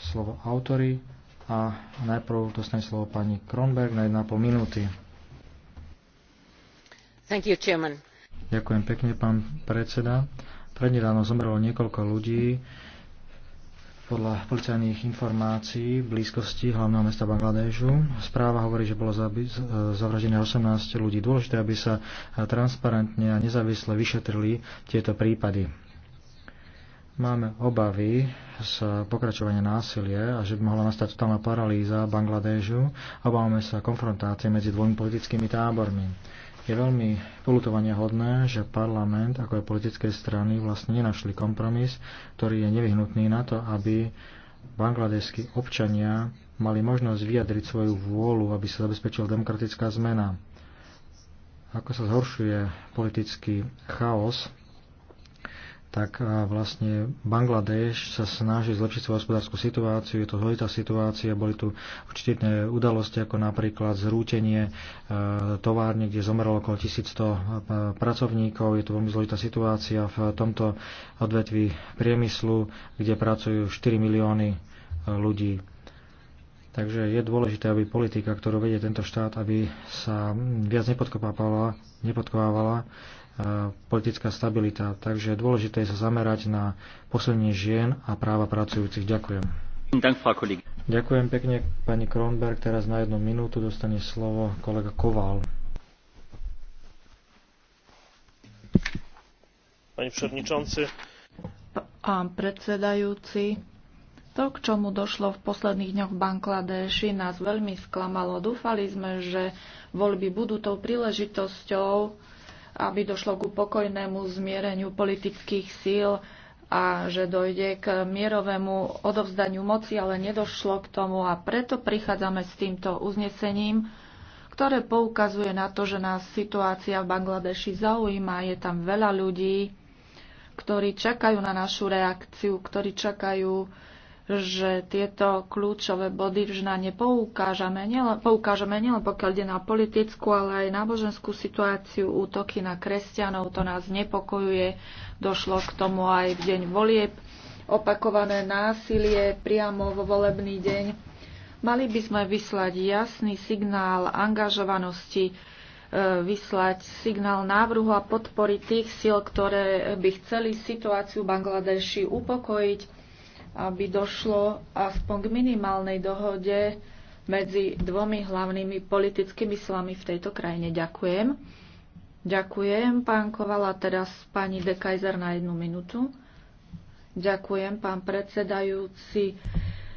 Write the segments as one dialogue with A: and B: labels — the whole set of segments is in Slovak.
A: slovo autory a najprv dostane slovo pani Kronberg na 1,5 minúty.
B: Thank you, chairman.
A: Ďakujem pekne, pán predseda. Prednedávno zomrelo niekoľko ľudí podľa policajných informácií v blízkosti hlavného mesta Bangladežu. Správa hovorí, že bolo zavraždené 18 ľudí. Dôležité, aby sa transparentne a nezávisle vyšetrili tieto prípady Máme obavy z pokračovania násilie a že by mohla nastať totálna paralýza Bangladežu. Obávame sa konfrontácie medzi dvomi politickými tábormi. Je veľmi polutovania hodné, že parlament ako aj politické strany vlastne nenašli kompromis, ktorý je nevyhnutný na to, aby bangladeskí občania mali možnosť vyjadriť svoju vôľu, aby sa zabezpečila demokratická zmena. Ako sa zhoršuje politický chaos tak vlastne Bangladeš sa snaží zlepšiť svoju hospodárskú situáciu, je to zložitá situácia, boli tu určité udalosti, ako napríklad zrútenie e, továrne, kde zomrelo okolo 1100 e, pracovníkov, je to veľmi zložitá situácia v tomto odvetví priemyslu, kde pracujú 4 milióny e, ľudí. Takže je dôležité, aby politika, ktorú vedie tento štát, aby sa viac nepodkopávala, nepodkopávala E, politická stabilita. Takže dôležité je sa zamerať na posilnenie žien a práva pracujúcich. Ďakujem. Ďakujem pekne, pani Kronberg. Teraz na jednu minútu dostane slovo kolega Koval. Pani przewodniczący.
B: Pán predsedajúci, to, k čomu došlo v posledných dňoch v Bangladeši, nás veľmi sklamalo. Dúfali sme, že voľby budú tou príležitosťou, aby došlo ku pokojnému zmiereniu politických síl a že dojde k mierovému odovzdaniu moci, ale nedošlo k tomu a preto prichádzame s týmto uznesením, ktoré poukazuje na to, že nás situácia v Bangladeši zaujíma. Je tam veľa ľudí, ktorí čakajú na našu reakciu, ktorí čakajú že tieto kľúčové body vždy na ne poukážeme, nielen, poukážeme nielen pokiaľ ide na politickú, ale aj náboženskú situáciu, útoky na kresťanov, to nás nepokojuje. Došlo k tomu aj v deň volieb, opakované násilie priamo vo volebný deň. Mali by sme vyslať jasný signál angažovanosti, e, vyslať signál návrhu a podpory tých síl, ktoré by chceli situáciu v Bangladeši upokojiť aby došlo aspoň k minimálnej dohode medzi dvomi hlavnými politickými slami v tejto krajine. Ďakujem. Ďakujem, pán Kovala. Teraz pani De na jednu minútu. Ďakujem, pán predsedajúci.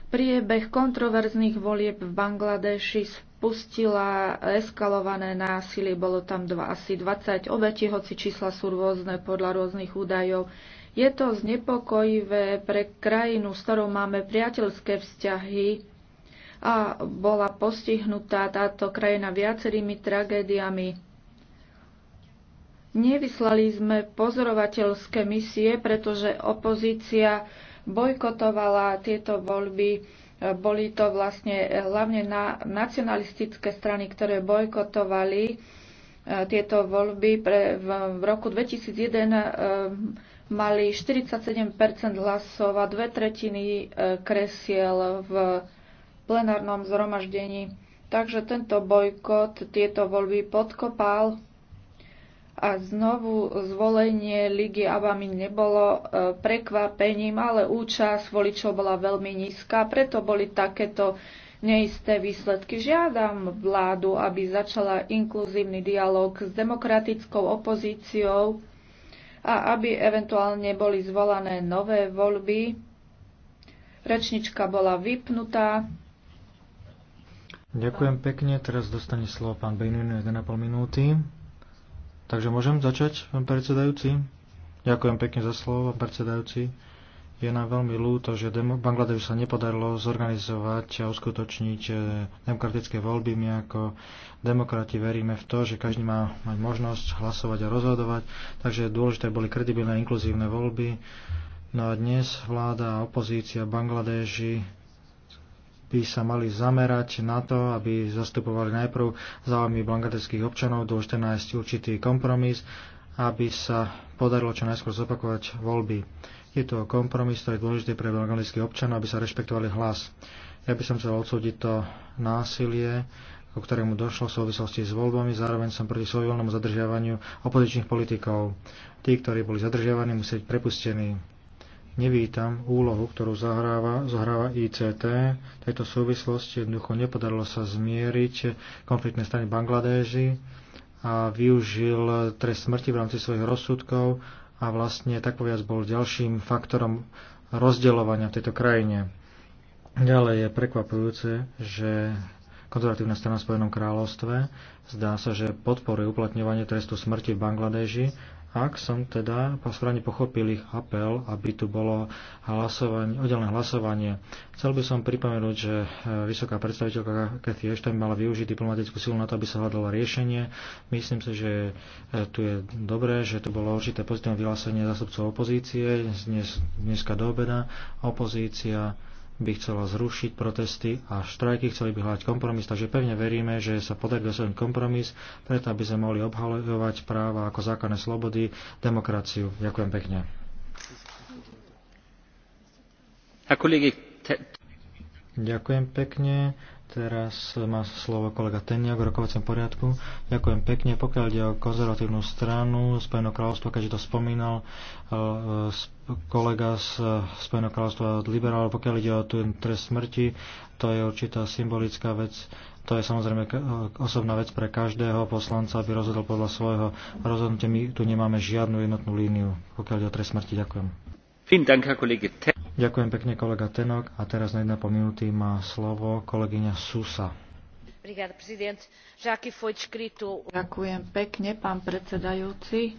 B: Priebeh kontroverzných volieb v Bangladeši spustila eskalované násilie. Bolo tam dva, asi 20 obetí, hoci čísla sú rôzne podľa rôznych údajov. Je to znepokojivé pre krajinu, s ktorou máme priateľské vzťahy a bola postihnutá táto krajina viacerými tragédiami. Nevyslali sme pozorovateľské misie, pretože opozícia bojkotovala tieto voľby boli to vlastne eh, hlavne na nacionalistické strany, ktoré bojkotovali eh, tieto voľby. Pre, v, v roku 2001 eh, mali 47 hlasov a dve tretiny kresiel v plenárnom zhromaždení. Takže tento bojkot tieto voľby podkopal a znovu zvolenie Ligy Abami nebolo e, prekvapením, ale účasť voličov bola veľmi nízka, preto boli takéto neisté výsledky. Žiadam vládu, aby začala inkluzívny dialog s demokratickou opozíciou a aby eventuálne boli zvolané nové voľby. Rečnička bola vypnutá.
A: Ďakujem pekne. Teraz dostane slovo pán Bejnino 1,5 minúty. Takže môžem začať, pán predsedajúci? Ďakujem pekne za slovo, pán predsedajúci. Je nám veľmi ľúto, že Bangladešu sa nepodarilo zorganizovať a uskutočniť e, demokratické voľby. My ako demokrati veríme v to, že každý má mať možnosť hlasovať a rozhodovať, takže dôležité boli kredibilné a inkluzívne voľby. No a dnes vláda a opozícia Bangladeži by sa mali zamerať na to, aby zastupovali najprv záujmy bangladeských občanov, dôležité nájsť určitý kompromis, aby sa podarilo čo najskôr zopakovať voľby. Je to kompromis, ktorý je dôležitý pre bangladeských občanov, aby sa rešpektovali hlas. Ja by som chcel odsúdiť to násilie, ku ktorému došlo v súvislosti s voľbami, zároveň som proti svojvoľnému zadržiavaniu opozičných politikov. Tí, ktorí boli zadržiavaní, musí byť prepustení nevítam úlohu, ktorú zahráva, zahráva ICT. V tejto súvislosti jednoducho nepodarilo sa zmieriť konfliktné strany Bangladeži a využil trest smrti v rámci svojich rozsudkov a vlastne tak bol ďalším faktorom rozdeľovania v tejto krajine. Ďalej je prekvapujúce, že konzervatívna strana v Spojenom kráľovstve zdá sa, že podporuje uplatňovanie trestu smrti v Bangladeži ak som teda správne pochopil ich apel, aby tu bolo hlasovanie, oddelené hlasovanie, chcel by som pripomenúť, že eh, vysoká predstaviteľka Cathy Ashton mala využiť diplomatickú silu na to, aby sa hľadalo riešenie. Myslím si, že eh, tu je dobré, že tu bolo určité pozitívne vyhlásenie zástupcov opozície dnes, dneska do obeda. Opozícia by chcela zrušiť protesty a štrajky, chceli by hľadať kompromis, takže pevne veríme, že sa podarí dosiahnuť kompromis, preto aby sme mohli obhalovať práva ako základné slobody, demokraciu. Ďakujem pekne. A kolegy, Ďakujem pekne. Teraz má slovo kolega Tenia v rokovacom poriadku. Ďakujem pekne. Pokiaľ ide o konzervatívnu stranu Spojeného kráľovstva, keďže to spomínal eh, kolega z Spojeného kráľovstva liberálov, pokiaľ ide o ten trest smrti, to je určitá symbolická vec. To je samozrejme eh, osobná vec pre každého poslanca, aby rozhodol podľa svojho rozhodnutia. My tu nemáme žiadnu jednotnú líniu, pokiaľ ide o trest smrti. Ďakujem.
C: Vielen Dank, Herr Kollege
A: Ďakujem pekne kolega Tenok a teraz na po minúty má slovo kolegyňa Susa.
B: Ďakujem pekne, pán predsedajúci.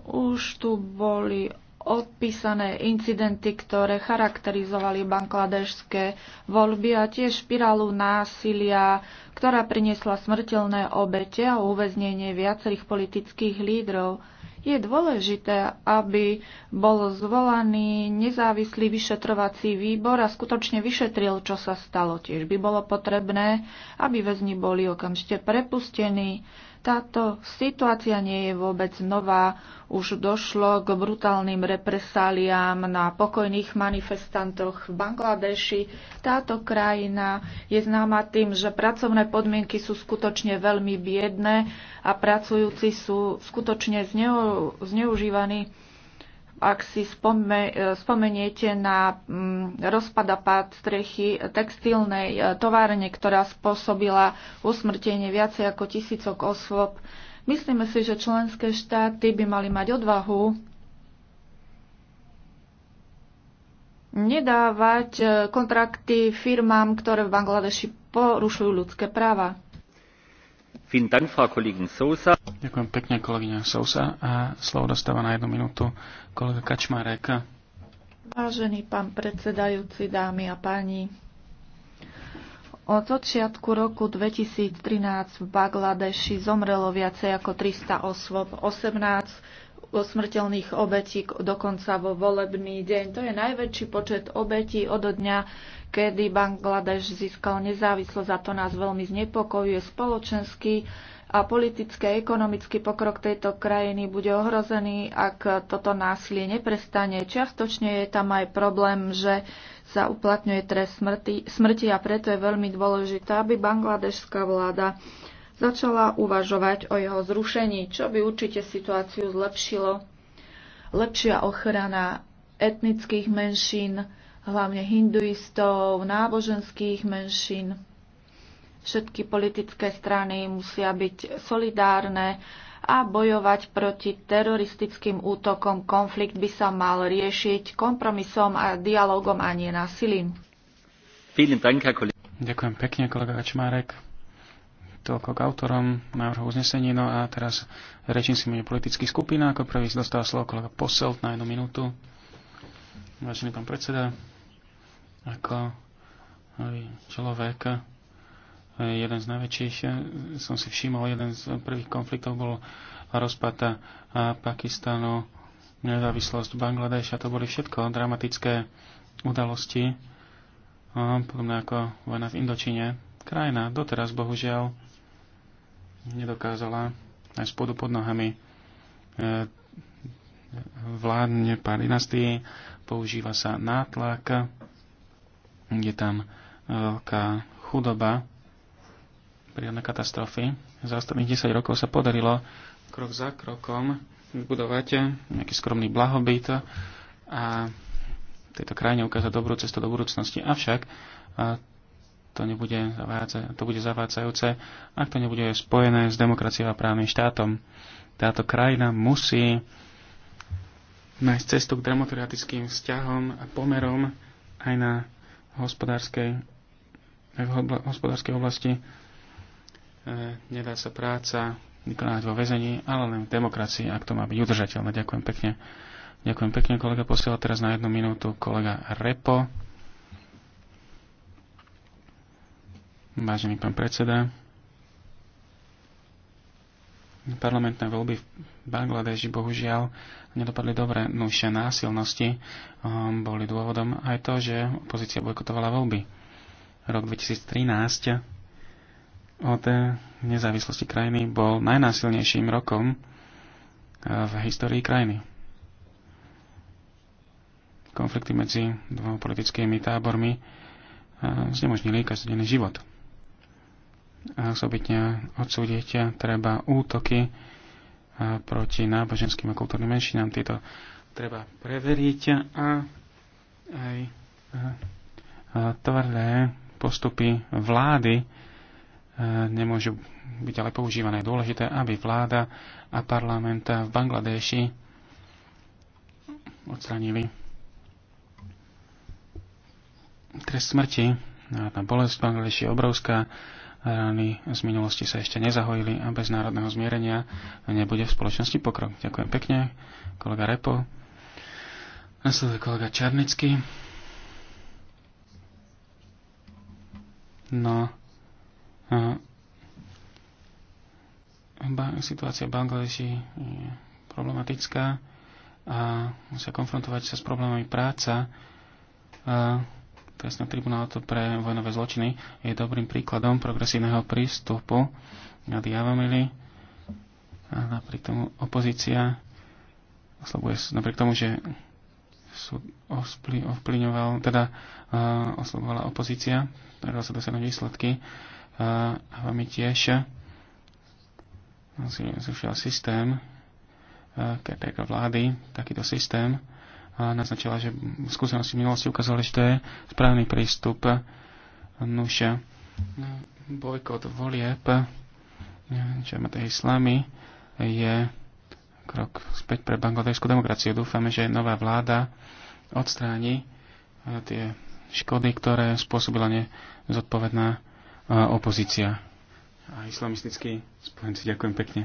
B: Už tu boli odpísané incidenty, ktoré charakterizovali bangladešské voľby a tiež špirálu násilia, ktorá priniesla smrteľné obete a uväznenie viacerých politických lídrov. Je dôležité, aby bol zvolaný nezávislý vyšetrovací výbor a skutočne vyšetril, čo sa stalo. Tiež by bolo potrebné, aby väzni boli okamžite prepustení, táto situácia nie je vôbec nová. Už došlo k brutálnym represáliám na pokojných manifestantoch v Bangladeši. Táto krajina je známa tým, že pracovné podmienky sú skutočne veľmi biedné a pracujúci sú skutočne zneu, zneužívaní ak si spome, spomeniete na mm, rozpad a pád strechy textilnej e, továrne, ktorá spôsobila usmrtenie viacej ako tisícok osôb, myslíme si, že členské štáty by mali mať odvahu nedávať e, kontrakty firmám, ktoré v Bangladeši porušujú ľudské práva.
C: Ďakujem pekne, kolegyňa Sousa. A slovo dostáva
D: na jednu minútu kolega Kačmarek.
B: Vážený pán predsedajúci, dámy a páni, od začiatku roku 2013 v Bangladeši zomrelo viacej ako 300 osôb, 18 smrteľných obetí dokonca vo volebný deň. To je najväčší počet obetí od dňa, kedy Bangladeš získal nezávislosť a to nás veľmi znepokojuje. Spoločenský a politický a ekonomický pokrok tejto krajiny bude ohrozený, ak toto násilie neprestane. Čiastočne je tam aj problém, že sa uplatňuje trest smrti, smrti a preto je veľmi dôležité, aby bangladešská vláda začala uvažovať o jeho zrušení, čo by určite situáciu zlepšilo. Lepšia ochrana etnických menšín, hlavne hinduistov, náboženských menšín. Všetky politické strany musia byť solidárne a bojovať proti teroristickým útokom. Konflikt by sa mal riešiť kompromisom a dialogom a nie násilím.
D: Ďakujem pekne, kolega Kačmárek toľko k autorom návrhu uznesení. No a teraz rečím si mene politických skupín. Ako prvý dostal slovo kolega Poselt na jednu minútu. Vážený pán predseda, ako človek, jeden z najväčších, som si všimol, jeden z prvých konfliktov bol rozpad Pakistanu, nezávislosť Bangladeša, to boli všetko dramatické udalosti, podobne ako vojna v Indočine. Krajina doteraz, bohužiaľ, nedokázala aj spodu pod nohami e, vládne pár dynastii, používa sa nátlak, je tam e, veľká chudoba, prírodné katastrofy. Za ostatných 10 rokov sa podarilo krok za krokom budovať nejaký skromný blahobyt a tejto krajine ukázať dobrú cestu do budúcnosti. Avšak to nebude, zavádza, to bude zavádzajúce, ak to nebude spojené s demokraciou a právnym štátom. Táto krajina musí nájsť cestu k demokratickým vzťahom a pomerom aj na hospodárskej, aj v hospodárskej oblasti. E, nedá sa práca vykonávať vo väzení, ale len v demokracii, ak to má byť udržateľné. Ďakujem pekne. Ďakujem pekne, kolega. Posiela teraz na jednu minútu kolega Repo. Vážený pán predseda, parlamentné voľby v Bangladeži bohužiaľ nedopadli dobre. Nušia násilnosti um, boli dôvodom aj to, že opozícia bojkotovala voľby. Rok 2013 od nezávislosti krajiny bol najnásilnejším rokom uh, v histórii krajiny. Konflikty medzi dvoma politickými tábormi uh, znemožnili každodenný život a osobitne odsúdiť treba útoky proti náboženským a kultúrnym menšinám. Tieto treba preveriť a aj tvrdé postupy vlády nemôžu byť ale používané. Dôležité, aby vláda a parlament v Bangladeši odstranili trest smrti. Tá bolesť v Bangladeši je obrovská Rány z minulosti sa ešte nezahojili a bez národného zmierenia nebude v spoločnosti pokrok. Ďakujem pekne, kolega Repo. Nasleduje kolega Čarnický. No, situácia v Bangladeši je problematická a musia konfrontovať sa s problémami práca. A, trestná tribunál to pre vojnové zločiny je dobrým príkladom progresívneho prístupu nad diavomily. A napriek tomu opozícia oslobuje, napriek tomu, že súd ovplyňoval, teda uh, oslobovala opozícia, darilo sa dosiahnuť výsledky. Uh, a veľmi tiež zrušila systém, uh, keď vlády, takýto systém, naznačila, že skúsenosti v minulosti ukázali, že to je správny prístup. Nuž, bojkot volieb čo má tej islámy, je krok späť pre bangladejskú demokraciu. Dúfame, že nová vláda odstráni tie škody, ktoré spôsobila nezodpovedná opozícia a islamistickí spojenci. Ďakujem pekne.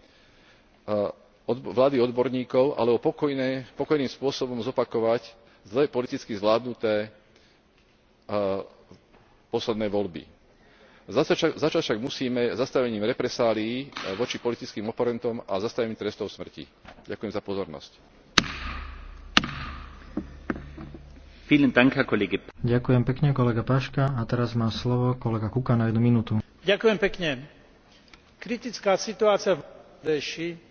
E: Eh, vlády odborníkov alebo pokojným spôsobom zopakovať zle politicky zvládnuté eh, posledné voľby. začať však musíme zastavením represálií eh, voči politickým oponentom a zastavením trestov smrti. ďakujem za pozornosť.
F: Ďakujem pekne, Kritická situácia v bangladéši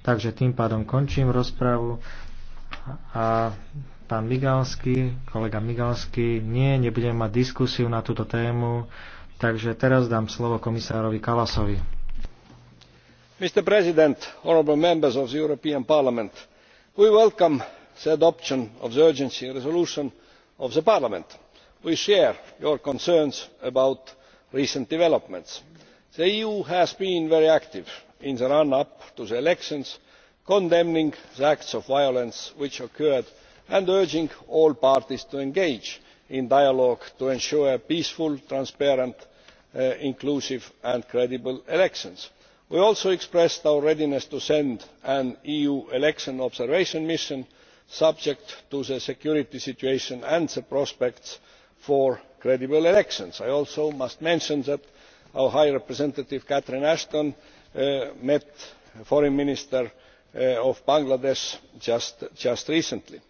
A: Takže tým pádom končím rozpravu a pán Migalský, kolega Migalský, nie, nebudem mať diskusiu na túto tému, takže teraz dám slovo komisárovi Kalasovi.
G: Mr. President, honorable members of the European Parliament, we welcome the adoption of the urgency resolution of the Parliament. We share your concerns about recent developments. The EU has been very active in the run up to the elections condemning the acts of violence which occurred and urging all parties to engage in dialogue to ensure peaceful transparent uh, inclusive and credible elections. we also expressed our readiness to send an eu election observation mission subject to the security situation and the prospects for credible elections. i also must mention that our high representative catherine ashton E, met the foreign minister e, of bangladesh just recently.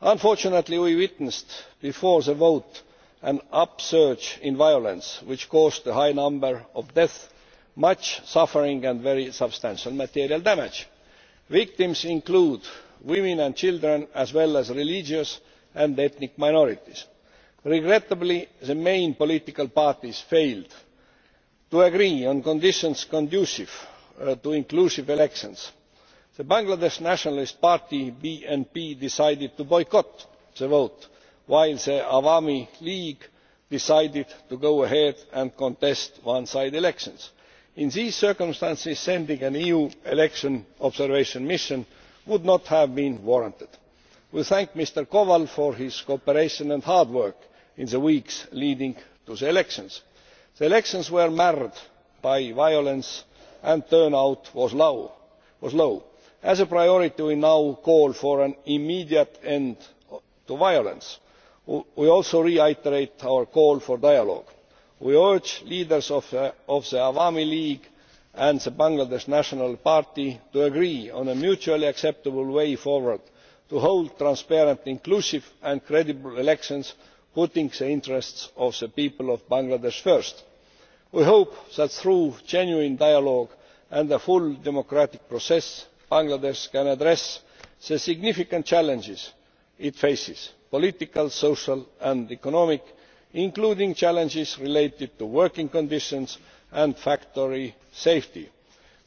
G: unfortunately we witnessed before the vote an upsurge in violence which caused a high number of deaths much suffering and very substantial material damage. victims include women and children as well as religious and ethnic minorities. regrettably the main political parties failed to agree on conditions conducive uh, to inclusive elections the bangladesh nationalist party bnp decided to boycott the vote while the awami league decided to go ahead and contest one side elections. in these circumstances sending an eu election observation mission would not have been warranted. we thank mr kowal for his cooperation and hard work in the weeks leading to the elections the elections were marred by violence and turnout was low. as a priority we now call for an immediate end to violence. we also reiterate our call for dialogue. we urge leaders of the awami league and the bangladesh national party to agree on a mutually acceptable way forward to hold transparent inclusive and credible elections putting the interests of the people of bangladesh first. we hope that through genuine dialogue and a full democratic process bangladesh can address the significant challenges it faces political social and economic including challenges related to working conditions and factory safety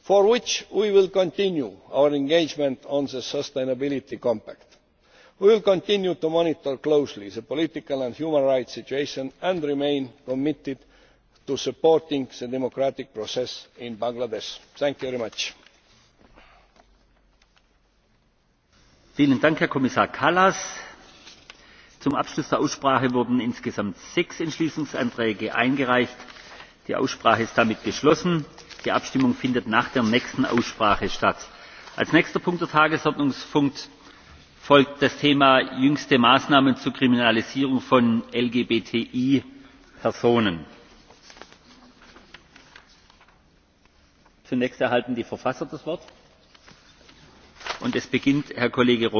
G: for which we will continue our engagement on the sustainability compact we will continue to monitor closely the political and human rights situation and remain committed to supporting the democratic process in bangladesh. thank you very much.
C: vielen dank herr kommissar kallas! zum abschluss der aussprache wurden insgesamt sechs entschließungsanträge eingereicht. die aussprache ist damit geschlossen. die abstimmung findet nach der nächsten aussprache statt. als nächster punkt der tagesordnung folgt das thema jüngste maßnahmen zur kriminalisierung von lgbti personen. zunächst erhalten die verfasser das wort und es beginnt herr kollege rohde.